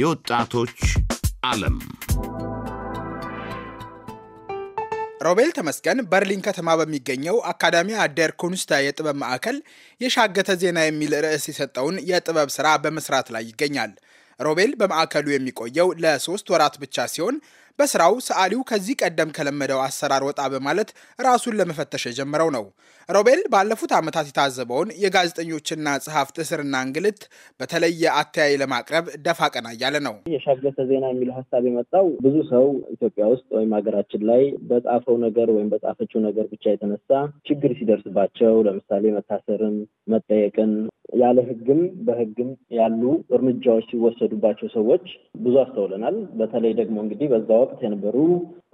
የወጣቶች ዓለም ሮቤል ተመስገን በርሊን ከተማ በሚገኘው አካዳሚ አደር ኩንስታ የጥበብ ማዕከል የሻገተ ዜና የሚል ርዕስ የሰጠውን የጥበብ ሥራ በመስራት ላይ ይገኛል። ሮቤል በማዕከሉ የሚቆየው ለሶስት ወራት ብቻ ሲሆን በስራው ሰዓሊው ከዚህ ቀደም ከለመደው አሰራር ወጣ በማለት ራሱን ለመፈተሽ የጀመረው ነው። ሮቤል ባለፉት ዓመታት የታዘበውን የጋዜጠኞችና ጸሐፍት እስርና እንግልት በተለየ አተያይ ለማቅረብ ደፋ ቀና እያለ ነው። የሻገተ ዜና የሚለው ሀሳብ የመጣው ብዙ ሰው ኢትዮጵያ ውስጥ ወይም ሀገራችን ላይ በጻፈው ነገር ወይም በጻፈችው ነገር ብቻ የተነሳ ችግር ሲደርስባቸው ለምሳሌ መታሰርን፣ መጠየቅን ያለ ህግም በህግም ያሉ እርምጃዎች ሲወሰዱባቸው ሰዎች ብዙ አስተውለናል። በተለይ ደግሞ እንግዲህ በዛ ወቅት የነበሩ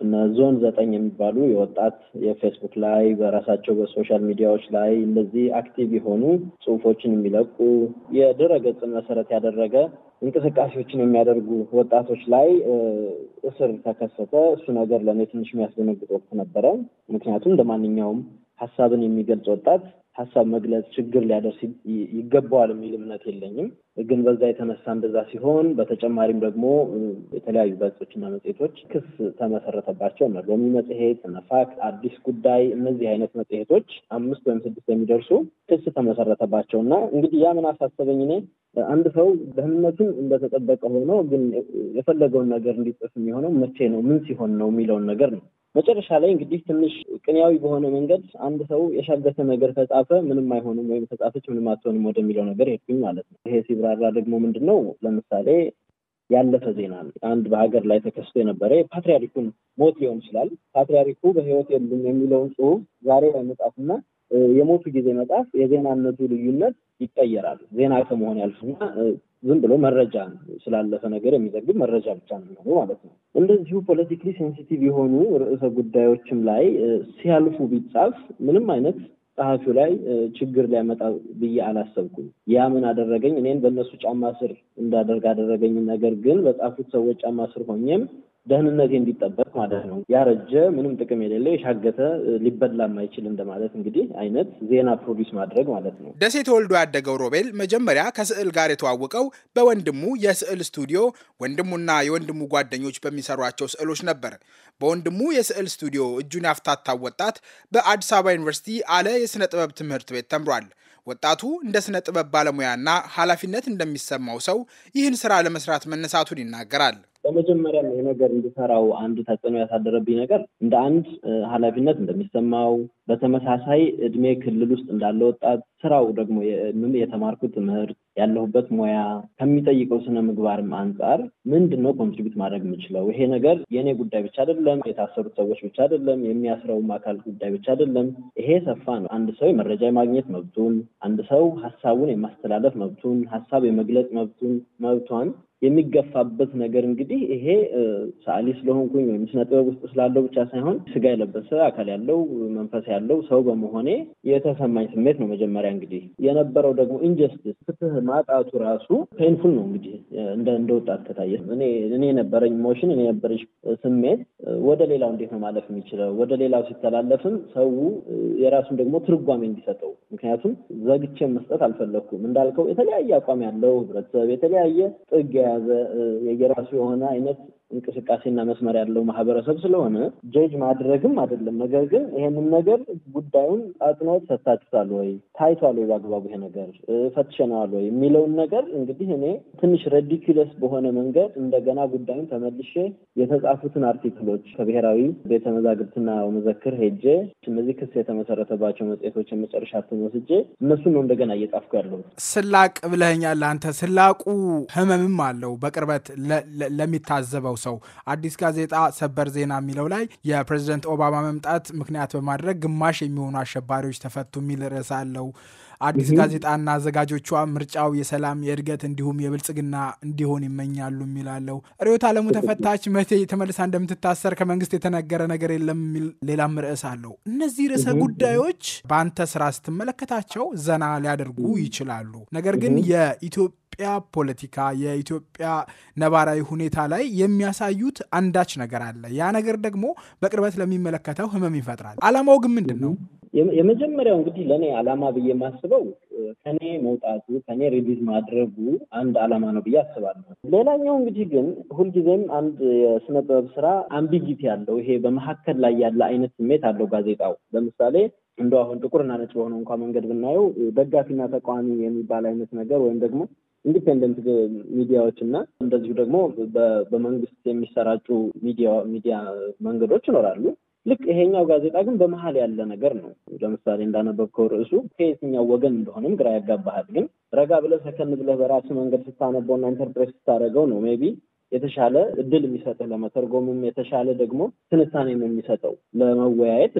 እነ ዞን ዘጠኝ የሚባሉ የወጣት የፌስቡክ ላይ በራሳቸው በሶሻል ሚዲያዎች ላይ እንደዚህ አክቲቭ የሆኑ ጽሁፎችን የሚለቁ የድረገጽ መሰረት ያደረገ እንቅስቃሴዎችን የሚያደርጉ ወጣቶች ላይ እስር ተከሰተ። እሱ ነገር ለእኔ ትንሽ የሚያስደነግጥ ወቅት ነበረ። ምክንያቱም እንደ ማንኛውም ሀሳብን የሚገልጽ ወጣት ሀሳብ መግለጽ ችግር ሊያደርስ ይገባዋል የሚል እምነት የለኝም። ግን በዛ የተነሳ እንደዛ ሲሆን በተጨማሪም ደግሞ የተለያዩ እና መጽሔቶች ክስ ተመሰረተባቸው። እነ ሎሚ መጽሔት፣ እነ አዲስ ጉዳይ እነዚህ አይነት መጽሔቶች አምስት ወይም ስድስት የሚደርሱ ክስ ተመሰረተባቸው እና እንግዲህ ያ ምን አሳሰበኝ እኔ አንድ ሰው ደህንነቱን እንደተጠበቀ ሆኖ ግን የፈለገውን ነገር እንዲጽፍ የሚሆነው መቼ ነው ምን ሲሆን ነው የሚለውን ነገር ነው መጨረሻ ላይ እንግዲህ ትንሽ ቅንያዊ በሆነ መንገድ አንድ ሰው የሻገተ ነገር ተጻፈ ምንም አይሆንም ወይም ተጻፈች ምንም አትሆንም ወደሚለው ነገር ሄድኩኝ ማለት ነው። ይሄ ሲብራራ ደግሞ ምንድን ነው ለምሳሌ ያለፈ ዜና አንድ በሀገር ላይ ተከስቶ የነበረ የፓትሪያሪኩን ሞት ሊሆን ይችላል። ፓትሪያሪኩ በህይወት የሉም የሚለውን ጽሁፍ ዛሬ ላይ መጻፍና የሞቱ ጊዜ መጽሐፍ የዜናነቱ ልዩነት ይቀየራል። ዜና ከመሆን ያልፍና ዝም ብሎ መረጃ ስላለፈ ነገር የሚዘግብ መረጃ ብቻ ነው ማለት ነው። እንደዚሁ ፖለቲካሊ ሴንሲቲቭ የሆኑ ርዕሰ ጉዳዮችም ላይ ሲያልፉ ቢጻፍ ምንም አይነት ጸሐፊው ላይ ችግር ሊያመጣ ብዬ አላሰብኩም። ያ ምን አደረገኝ? እኔን በእነሱ ጫማ ስር እንዳደርግ አደረገኝ። ነገር ግን በጻፉት ሰዎች ጫማ ስር ሆኜም ደህንነቴ እንዲጠበቅ ማለት ነው። ያረጀ ምንም ጥቅም የሌለ የሻገተ ሊበላ የማይችል እንደማለት እንግዲህ አይነት ዜና ፕሮዲስ ማድረግ ማለት ነው። ደሴ ተወልዶ ያደገው ሮቤል መጀመሪያ ከስዕል ጋር የተዋወቀው በወንድሙ የስዕል ስቱዲዮ ወንድሙና የወንድሙ ጓደኞች በሚሰሯቸው ስዕሎች ነበር። በወንድሙ የስዕል ስቱዲዮ እጁን ያፍታታው ወጣት በአዲስ አበባ ዩኒቨርሲቲ አለ የሥነ ጥበብ ትምህርት ቤት ተምሯል። ወጣቱ እንደ ስነ ጥበብ ባለሙያና ኃላፊነት እንደሚሰማው ሰው ይህን ስራ ለመስራት መነሳቱን ይናገራል። በመጀመሪያም ይሄ ነገር እንድሰራው አንዱ ተጽዕኖ ያሳደረብኝ ነገር እንደ አንድ ኃላፊነት እንደሚሰማው በተመሳሳይ እድሜ ክልል ውስጥ እንዳለ ወጣት ስራው ደግሞ የተማርኩት ትምህርት ያለሁበት ሙያ ከሚጠይቀው ስነ ምግባርም አንጻር ምንድን ነው ኮንትሪቢዩት ማድረግ የምችለው? ይሄ ነገር የእኔ ጉዳይ ብቻ አይደለም፣ የታሰሩት ሰዎች ብቻ አይደለም፣ የሚያስረውም አካል ጉዳይ ብቻ አይደለም። ይሄ ሰፋ ነው። አንድ ሰው የመረጃ የማግኘት መብቱን፣ አንድ ሰው ሀሳቡን የማስተላለፍ መብቱን፣ ሀሳብ የመግለጽ መብቱን መብቷን የሚገፋበት ነገር እንግዲህ ይሄ ሰዓሊ ስለሆንኩኝ ወይም ስነ ጥበብ ውስጥ ስላለው ብቻ ሳይሆን ስጋ የለበሰ አካል ያለው መንፈስ ያለው ሰው በመሆኔ የተሰማኝ ስሜት ነው። መጀመሪያ እንግዲህ የነበረው ደግሞ ኢንጀስቲስ ፍትህ ማጣቱ ራሱ ፔንፉል ነው። እንግዲህ እንደ ወጣት ከታየ እኔ የነበረኝ ሞሽን እኔ የነበረች ስሜት ወደ ሌላው እንዴት ነው ማለፍ የሚችለው? ወደ ሌላው ሲተላለፍም ሰው የራሱን ደግሞ ትርጓሜ እንዲሰጠው ምክንያቱም ዘግቼ መስጠት አልፈለግኩም። እንዳልከው የተለያየ አቋም ያለው ህብረተሰብ የተለያየ ጥግ የያዘ የራሱ የሆነ አይነት እንቅስቃሴና መስመር ያለው ማህበረሰብ ስለሆነ ጀጅ ማድረግም አይደለም። ነገር ግን ይሄንን ነገር ጉዳዩን አጽንኦት ሰጥታችኋል ወይ፣ ታይቷል ወይ፣ በአግባቡ ይሄ ነገር ፈትሸነዋል ወይ የሚለውን ነገር እንግዲህ እኔ ትንሽ ረዲኪለስ በሆነ መንገድ እንደገና ጉዳዩን ተመልሼ የተጻፉትን አርቲክሎች ከብሔራዊ ቤተ መዛግብትና መዘክር ሄጄ እነዚህ ክስ የተመሰረተባቸው መጽሔቶች የመጨረሻ እትም ወስጄ እነሱን ነው እንደገና እየጻፍኩ ያለሁት። ስላቅ ብለኸኛል አንተ። ስላቁ ህመምም አለው በቅርበት ለሚታዘበው የሚያወሳው። አዲስ ጋዜጣ ሰበር ዜና የሚለው ላይ የፕሬዝደንት ኦባማ መምጣት ምክንያት በማድረግ ግማሽ የሚሆኑ አሸባሪዎች ተፈቱ የሚል ርዕስ አለው። አዲስ ጋዜጣና አዘጋጆቿ ምርጫው የሰላም የእድገት እንዲሁም የብልጽግና እንዲሆን ይመኛሉ የሚላለው። ርዕዮት አለሙ ተፈታች መቼ ተመልሳ እንደምትታሰር ከመንግስት የተነገረ ነገር የለም የሚል ሌላም ርዕስ አለው። እነዚህ ርዕሰ ጉዳዮች በአንተ ስራ ስትመለከታቸው ዘና ሊያደርጉ ይችላሉ። ነገር ግን የኢትዮ የኢትዮጵያ ፖለቲካ የኢትዮጵያ ነባራዊ ሁኔታ ላይ የሚያሳዩት አንዳች ነገር አለ። ያ ነገር ደግሞ በቅርበት ለሚመለከተው ህመም ይፈጥራል። አላማው ግን ምንድን ነው? የመጀመሪያው እንግዲህ ለእኔ አላማ ብዬ የማስበው ከኔ መውጣቱ ከኔ ሪሊዝ ማድረጉ አንድ አላማ ነው ብዬ አስባለሁ። ሌላኛው እንግዲህ ግን ሁልጊዜም አንድ የስነ ጥበብ ስራ አምቢጊቲ ያለው ይሄ በመካከል ላይ ያለ አይነት ስሜት አለው ጋዜጣው ለምሳሌ እንደ አሁን ጥቁርና ነጭ በሆነው እንኳ መንገድ ብናየው ደጋፊና ተቃዋሚ የሚባል አይነት ነገር ወይም ደግሞ ኢንዲፔንደንት ሚዲያዎች እና እንደዚሁ ደግሞ በመንግስት የሚሰራጩ ሚዲያ ሚዲያ መንገዶች ይኖራሉ። ልክ ይሄኛው ጋዜጣ ግን በመሀል ያለ ነገር ነው። ለምሳሌ እንዳነበብከው ርዕሱ ከየትኛው ወገን እንደሆነም ግራ ያጋባሃል። ግን ረጋ ብለህ ሰከን ብለህ በራሱ መንገድ ስታነበውና ኢንተርፕሬት ስታደርገው ነው ሜቢ? ቢ የተሻለ እድል የሚሰጥህ ለመተርጎምም የተሻለ ደግሞ ትንታኔም የሚሰጠው ለመወያየት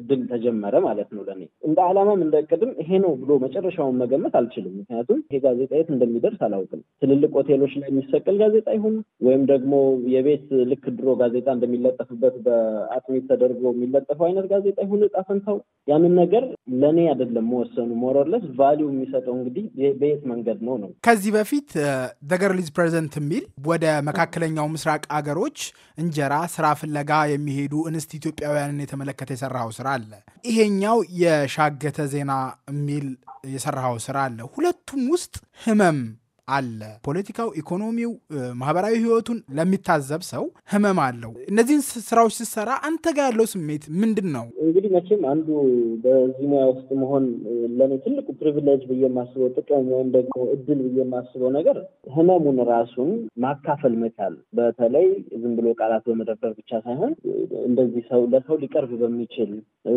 እድል ተጀመረ ማለት ነው። ለእኔ እንደ አላማም እንደ ይሄ ነው ብሎ መጨረሻውን መገመት አልችልም። ምክንያቱም ይሄ ጋዜጣ የት እንደሚደርስ አላውቅም። ትልልቅ ሆቴሎች ላይ የሚሰቀል ጋዜጣ ይሁን ወይም ደግሞ የቤት ልክ ድሮ ጋዜጣ እንደሚለጠፍበት በአጥሚት ተደርጎ የሚለጠፈው አይነት ጋዜጣ ይሁን እጣ ፈንታው ያንን ነገር ለእኔ አይደለም መወሰኑ ሞሮለስ ቫሊዩ የሚሰጠው እንግዲህ በየት መንገድ ነው ነው ከዚህ በፊት ደገርሊዝ ፕሬዘንት የሚል ወደ መካከለኛው ምስራቅ አገሮች እንጀራ ስራ ፍለጋ የሚሄዱ እንስት ኢትዮጵያውያንን የተመለከተ የሰራው ስራ አለ። ይሄኛው የሻገተ ዜና የሚል የሰራው ስራ አለ። ሁለቱም ውስጥ ህመም አለ። ፖለቲካው፣ ኢኮኖሚው፣ ማህበራዊ ህይወቱን ለሚታዘብ ሰው ህመም አለው። እነዚህን ስራዎች ስትሰራ አንተ ጋር ያለው ስሜት ምንድን ነው? እንግዲህ መቼም አንዱ በዚህ ሙያ ውስጥ መሆን ለእኔ ትልቁ ፕሪቪሌጅ ብዬ የማስበው ጥቅም ወይም ደግሞ እድል ብዬ የማስበው ነገር ህመሙን ራሱን ማካፈል መቻል፣ በተለይ ዝም ብሎ ቃላት በመደበር ብቻ ሳይሆን እንደዚህ ሰው ለሰው ሊቀርብ በሚችል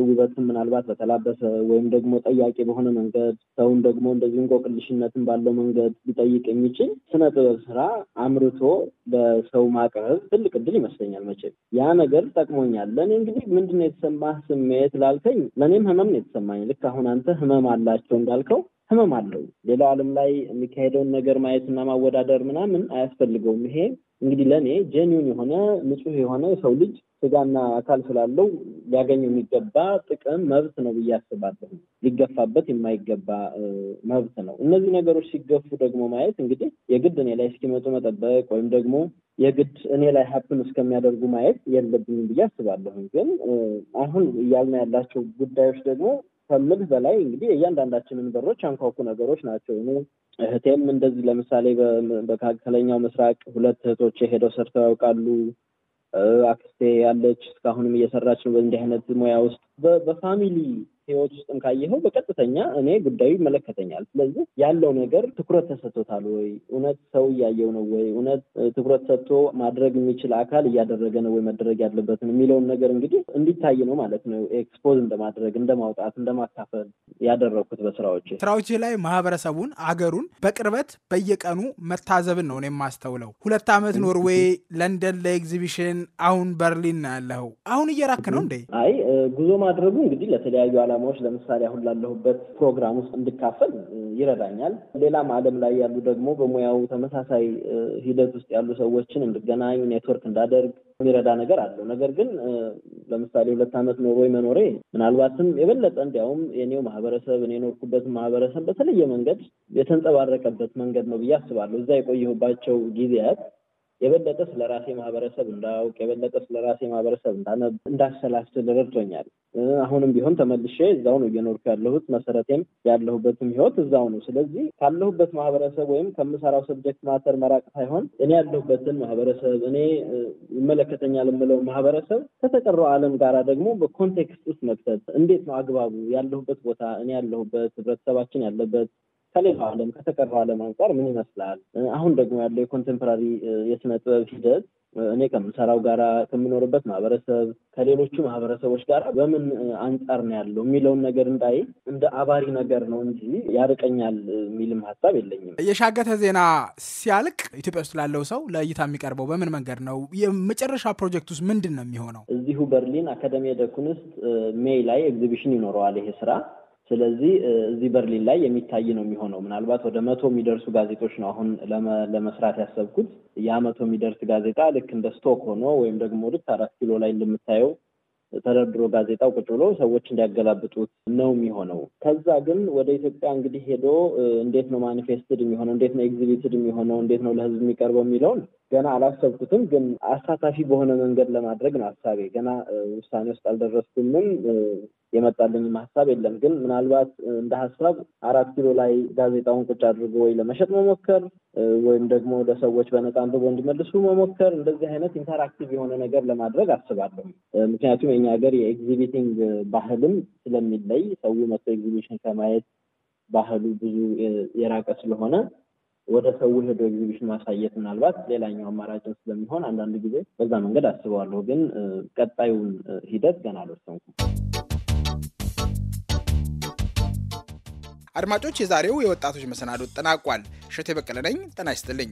ውበትን ምናልባት በተላበሰ ወይም ደግሞ ጠያቂ በሆነ መንገድ ሰውን ደግሞ እንደዚህ እንቆቅልሽነትን ባለው መንገድ ሊጠይቅ ሊጠይቅ የሚችል ስነ ጥበብ ስራ አምርቶ በሰው ማቅረብ ትልቅ እድል ይመስለኛል። መቼም ያ ነገር ጠቅሞኛል። ለእኔ እንግዲህ ምንድነው የተሰማህ ስሜት ላልከኝ፣ ለእኔም ህመም ነው የተሰማኝ። ልክ አሁን አንተ ህመም አላቸው እንዳልከው ህመም አለው። ሌላው ዓለም ላይ የሚካሄደውን ነገር ማየትና ማወዳደር ምናምን አያስፈልገውም። ይሄ እንግዲህ ለእኔ ጄኒውን የሆነ ንጹህ የሆነ የሰው ልጅ ስጋና አካል ስላለው ሊያገኘው የሚገባ ጥቅም መብት ነው ብዬ አስባለሁ። ሊገፋበት የማይገባ መብት ነው። እነዚህ ነገሮች ሲገፉ ደግሞ ማየት እንግዲህ የግድ እኔ ላይ እስኪመጡ መጠበቅ ወይም ደግሞ የግድ እኔ ላይ ሀፕን እስከሚያደርጉ ማየት የለብኝም ብዬ አስባለሁ። ግን አሁን እያልን ያላቸው ጉዳዮች ደግሞ ከምልህ በላይ እንግዲህ እያንዳንዳችንን በሮች አንኳኩ ነገሮች ናቸው። እኔ እህቴም እንደዚህ ለምሳሌ በመካከለኛው ምስራቅ ሁለት እህቶች ሄደው ሰርተው ያውቃሉ። አክስቴ ያለች እስካሁንም እየሰራች ነው በእንዲህ አይነት ሙያ ውስጥ በፋሚሊ ህይወት ውስጥም ካየኸው በቀጥተኛ እኔ ጉዳዩ ይመለከተኛል። ስለዚህ ያለው ነገር ትኩረት ተሰጥቶታል ወይ? እውነት ሰው እያየው ነው ወይ? እውነት ትኩረት ሰጥቶ ማድረግ የሚችል አካል እያደረገ ነው ወይ መደረግ ያለበትን የሚለውን ነገር እንግዲህ እንዲታይ ነው ማለት ነው። ኤክስፖዝ እንደማድረግ፣ እንደማውጣት፣ እንደማካፈል ያደረግኩት በስራዎች ስራዎች ላይ ማህበረሰቡን፣ አገሩን በቅርበት በየቀኑ መታዘብን ነው የማስተውለው። ሁለት ዓመት ኖርዌይ፣ ለንደን ለኤግዚቢሽን፣ አሁን በርሊን ያለው አሁን እየራክ ነው እንዴ? አይ ጉዞ ማድረጉ እንግዲህ ለተለያዩ ዓላማዎች ለምሳሌ አሁን ላለሁበት ፕሮግራም ውስጥ እንድካፈል ይረዳኛል። ሌላም ዓለም ላይ ያሉ ደግሞ በሙያው ተመሳሳይ ሂደት ውስጥ ያሉ ሰዎችን እንድገናኝ ኔትወርክ እንዳደርግ የሚረዳ ነገር አለው። ነገር ግን ለምሳሌ ሁለት ዓመት ኖሮ መኖሬ ምናልባትም የበለጠ እንዲያውም የኔው ማህበረሰብ እኔ የኖርኩበት ማህበረሰብ በተለየ መንገድ የተንጸባረቀበት መንገድ ነው ብዬ አስባለሁ። እዛ የቆየሁባቸው ጊዜያት የበለጠ ስለ ራሴ ማህበረሰብ እንዳውቅ የበለጠ ስለ ራሴ ማህበረሰብ እንዳሰላስል ረድቶኛል። አሁንም ቢሆን ተመልሼ እዛው ነው እየኖርኩ ያለሁት። መሰረቴም ያለሁበትም ህይወት እዛው ነው። ስለዚህ ካለሁበት ማህበረሰብ ወይም ከምሰራው ሰብጀክት ማተር መራቅ ሳይሆን እኔ ያለሁበትን ማህበረሰብ እኔ ይመለከተኛል የምለው ማህበረሰብ ከተቀረው ዓለም ጋራ ደግሞ በኮንቴክስት ውስጥ መክተት እንዴት ነው አግባቡ ያለሁበት ቦታ እኔ ያለሁበት ህብረተሰባችን ያለበት ከሌላው ዓለም ከተቀረው ዓለም አንጻር ምን ይመስላል? አሁን ደግሞ ያለው የኮንቴምፖራሪ የስነ ጥበብ ሂደት እኔ ከምሰራው ጋራ ከምኖርበት ማህበረሰብ ከሌሎቹ ማህበረሰቦች ጋር በምን አንጻር ነው ያለው የሚለውን ነገር እንዳይ እንደ አባሪ ነገር ነው እንጂ ያርቀኛል የሚልም ሀሳብ የለኝም። የሻገተ ዜና ሲያልቅ ኢትዮጵያ ውስጥ ላለው ሰው ለእይታ የሚቀርበው በምን መንገድ ነው? የመጨረሻ ፕሮጀክት ውስጥ ምንድን ነው የሚሆነው? እዚሁ በርሊን አካደሚ ደ ሜይ ላይ ኤግዚቢሽን ይኖረዋል ይሄ ስራ ስለዚህ እዚህ በርሊን ላይ የሚታይ ነው የሚሆነው። ምናልባት ወደ መቶ የሚደርሱ ጋዜጦች ነው አሁን ለመስራት ያሰብኩት። ያ መቶ የሚደርስ ጋዜጣ ልክ እንደ ስቶክ ሆኖ ወይም ደግሞ ልክ አራት ኪሎ ላይ እንደምታየው ተደርድሮ ጋዜጣው ቁጭ ብሎ ሰዎች እንዲያገላብጡት ነው የሚሆነው። ከዛ ግን ወደ ኢትዮጵያ እንግዲህ ሄዶ እንዴት ነው ማኒፌስትድ የሚሆነው፣ እንዴት ነው ኤግዚቢትድ የሚሆነው፣ እንዴት ነው ለህዝብ የሚቀርበው የሚለውን ገና አላሰብኩትም። ግን አሳታፊ በሆነ መንገድ ለማድረግ ነው ሀሳቤ። ገና ውሳኔ ውስጥ አልደረስኩምም። የመጣልኝም ሀሳብ የለም። ግን ምናልባት እንደ ሀሳብ አራት ኪሎ ላይ ጋዜጣውን ቁጭ አድርጎ ወይ ለመሸጥ መሞከር ወይም ደግሞ ለሰዎች በነጻ አንብቦ እንዲመልሱ መሞከር፣ እንደዚህ አይነት ኢንተራክቲቭ የሆነ ነገር ለማድረግ አስባለሁ። ምክንያቱም የኛ ሀገር የኤግዚቢቲንግ ባህልም ስለሚለይ ሰው መቶ ኤግዚቢሽን ከማየት ባህሉ ብዙ የራቀ ስለሆነ ወደ ሰው ሄዶ ኤግዚቢሽን ማሳየት ምናልባት ሌላኛው አማራጭን ስለሚሆን አንዳንድ ጊዜ በዛ መንገድ አስበዋለሁ። ግን ቀጣዩን ሂደት ገና አልወሰንኩም። አድማጮች፣ የዛሬው የወጣቶች መሰናዶ ተጠናቋል። እሸቴ በቀለ ነኝ። ጤና ይስጥልኝ።